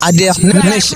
Adère Nech.